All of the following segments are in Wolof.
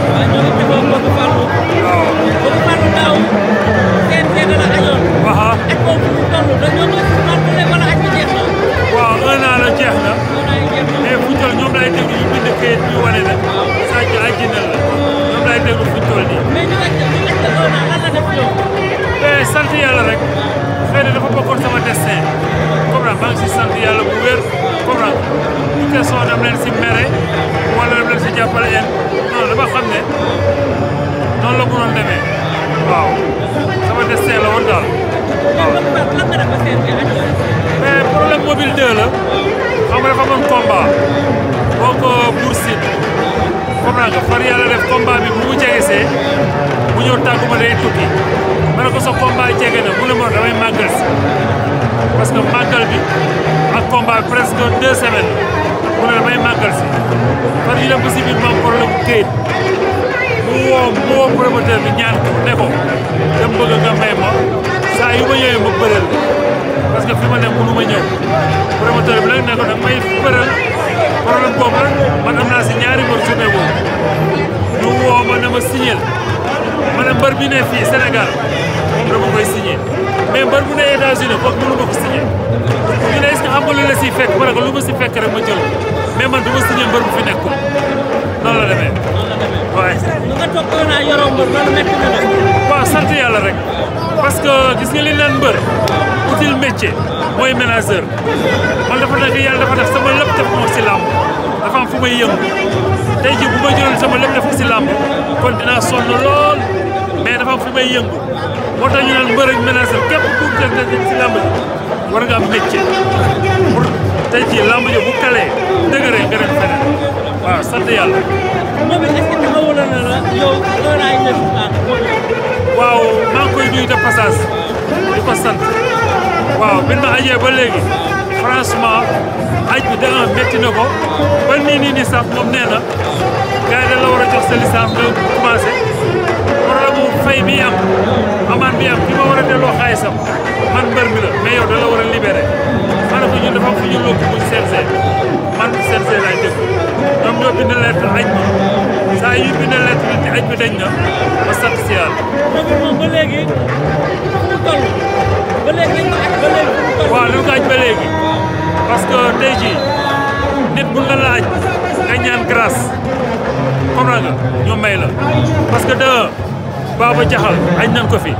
voilà eh, am leen si mere wala am leen si jàppale yéen xam ne noonu la ko doon demee waaw sama destin daal waaw. mais problème mobile 2 la xam nga dafa amoon combat ko Bour Sine xam naa nga far yàlla def bi bu mu jegesee mu ñëw tàggu ma day tukki ma ne ko jege na mu ne ma damay màggal si parce que màggal bi ak combat presque deux semaines mu ne damay màggal si far yi dem ba si biir ma am problème mu këyit woo promoteur bi ñaan ko ne ko dama bëgg nga may ma saa yu ma ñëwee ma bëreel parce que fi ma ne mënu ma ñëw promoteur bi nag ne may bëreel problème boobu nag man naa si ñaari mbër journée boobu ñu woo ma ne ma signé ma ne mbër bi ne fii Sénégal dama koy signé mais mbër bu ne États-Unis foog mënu ma ko signé ñu ne est-ce que xam lu la fekk ma ne ko lu ma si fekk rek ma jël mais man du ma signé mbër bu fi nekkul noonu la waaw sant yàlla rek parce que gis nga mbër outil métier mooy ménageur man dafa nekk yàlla dafa def sama lépp def ko si làmb dafa am fu may yëngu tey jii bu ma jëloon sama lépp def ko si làmb kon dinaa sonn lool mais dafa am fu may yëngu moo tax naan mbër ak ménageur képp ku nekk si làmb war nga am métier pour tey jii lamb bu kalee dëgëree nga dem feneen waaw sant yàlla. moom na la yow loolu ay def waaw maa koy nuyu de passage di ko sant waaw ma ajee ba léegi franchement aj bi da ah, nga métti na ko ba nii nii nee na gars yi la war a jox sa licence nga commencé problème mu fay bi am amaan bi am ki ma war a delloo xaalisam man mbër mi la mais feeñ na ma ba léegi parce que tey jii nit bu la laaj nga ñaan grâce comprends nga may la parce que de Baba Jaxal aj nañ ko fi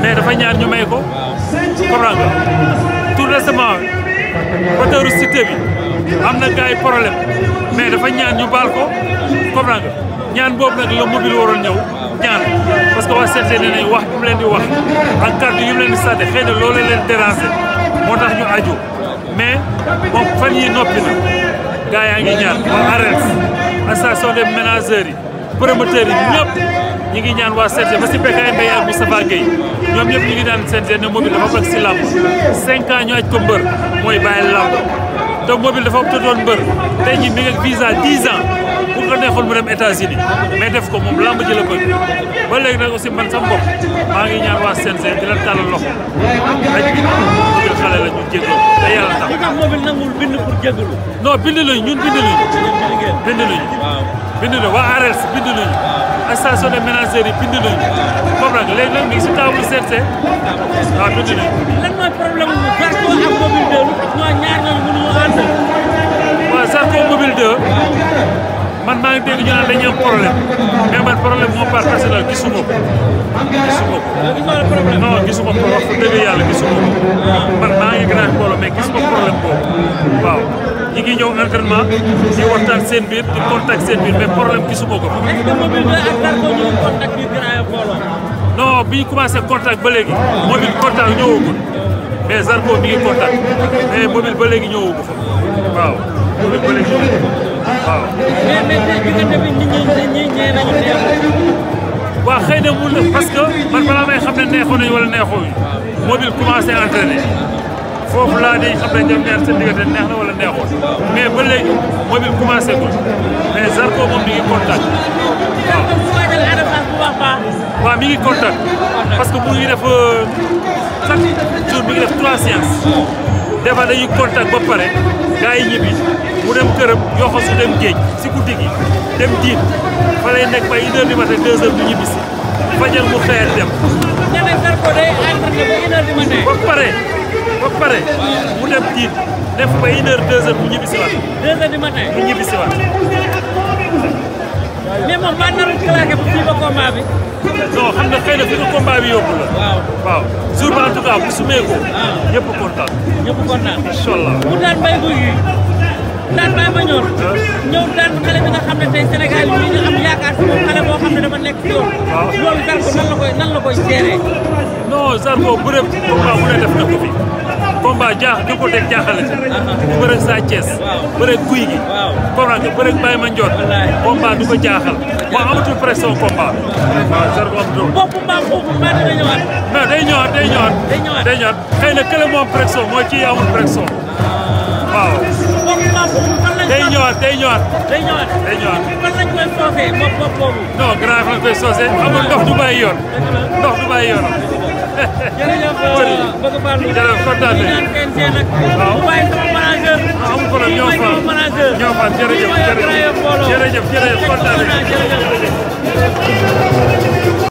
mais dafa ñaan ñu may ko comprends nga tout récemment auteuru cité bi. am na gars yi problème mais dafa ñaan ñu baal ko comprendre nga ñaan boobu nag la mobile waroon ñëw ñaan parce que waa CRT nee nañ wax bu mu leen di wax ak kàddu yu mu leen di sànni xëy na loolu leen déranger moo tax ñu aju mais moom fan yi noppi na gars yaa ngi ñaan waa ARES association des ménageurs yi promoteurs yi ñëpp ñi ngi ñaan waa CRT ba si PKM Mbaye ak Moustapha Gueye ñoom ñëpp ñu ngi daan CRT ne mobile dafa bëgg si làmb cinq ans ñu aj ko mbër mooy bàyyi làmb te mobile dafa tëddoon mbër tey jii mi ngi ak visa 10 ans bu ko neexoon mu dem États-Unis mais def ko moom lamb ji la bëgg ba léegi nag aussi man sama bopp maa ngi ñaan waa CNG di la tàllal loxo xale la ñu jégalu te yàlla tax. li nga mobile nangul bind pour jégalu. non bind lañu ñun bind lañu. bind lañu. bind na waa ARELS bind nañu station de ménagères yi bind nañu comme nag ngi si table CRC waaw bind nañu. lan mooy problème mu Zarko ak mobile 2 ñoo ñaar ñooñu mënuñu ànd. man maa ngi ñu naan dañuy am problème mais man problème moo par personnel gisuma ko gisuma ko. gisuma problème man maa ngi gën waaw ñi ngi ñëw entraînement di waxtaan seen biir di contact seen biir mais problème gisuma ko. est-ce biir Grand Yoff bi ñu commencé contact ba léegi mobile contact ñëwagul mais Zarko mi ngi contact mais ba léegi ñëwagu fa waaw mobile ba léegi ñëwagu fa waaw. mais mais tey diggante bi nit ñi ñi ñee nañu neex. waaw xëy na mun na parce que man balaa may xam ne neexoon nañu wala neexoo mobile commencé foofu laa di xam neex na wala neexoon mais ba léegi moom it commencé gul Zarko moom mi ngi contact waaw. waaw mi ngi contact parce que mu ngi def chaque euh, jour mi ngi def trois séances des fois dañuy contact ba pare gars yi ñibbi mu dem këram yoxo dem géej si guddi gi dem diin fa lay nekk ba une heure du matin deux heures du ñibbi si fajal mu xëyal dem. ba pare. pare mu dem diit def ba une heure deux heures mu ñibbi si waat. deux heures du matin mu ñibbi si waat. mais moom maa naroon claqué ba fii ba combat bi. non xam nga xëy na fi nga combat bi yóbbu la. waaw waaw jour ba en tout cas bu sumee ko. waaw ah. ñëpp kontaan. ñëpp kontaan. incha allah mu daan mbay bu yi daan mbay ma ñor. Ah. ñëw daan xale bi nga xam ne tey Sénégal yi ñu am yaakaar si moom xale boo xam ne waaw loolu Zarko nan la koy nan ne def na ko fi. jaax du ko teg bu bëreeg Sa Thiès. waaw bëreeg guy gi. waaw combat nga bëreeg Baye Mandione. wallaay combat jaaxal. waaw amatul pression combat. waaw Zarko amatul. boppu day ñëwaat day ñëwaat. day ñëwaat day ñëwaat. man lañ koy soosee bopp bopp boobu. non grave lañ koy soosee amul ndox du bàyyi yoon. ndox du bàyyi yoon. jërëjëf euh, bëgg baal ma jërëjëf kontaan nañu. waaw waaye sama manager. amul problème ñoo fa ñoo fa jërëjëf jërëjëf jërëjëf kontaan nañu.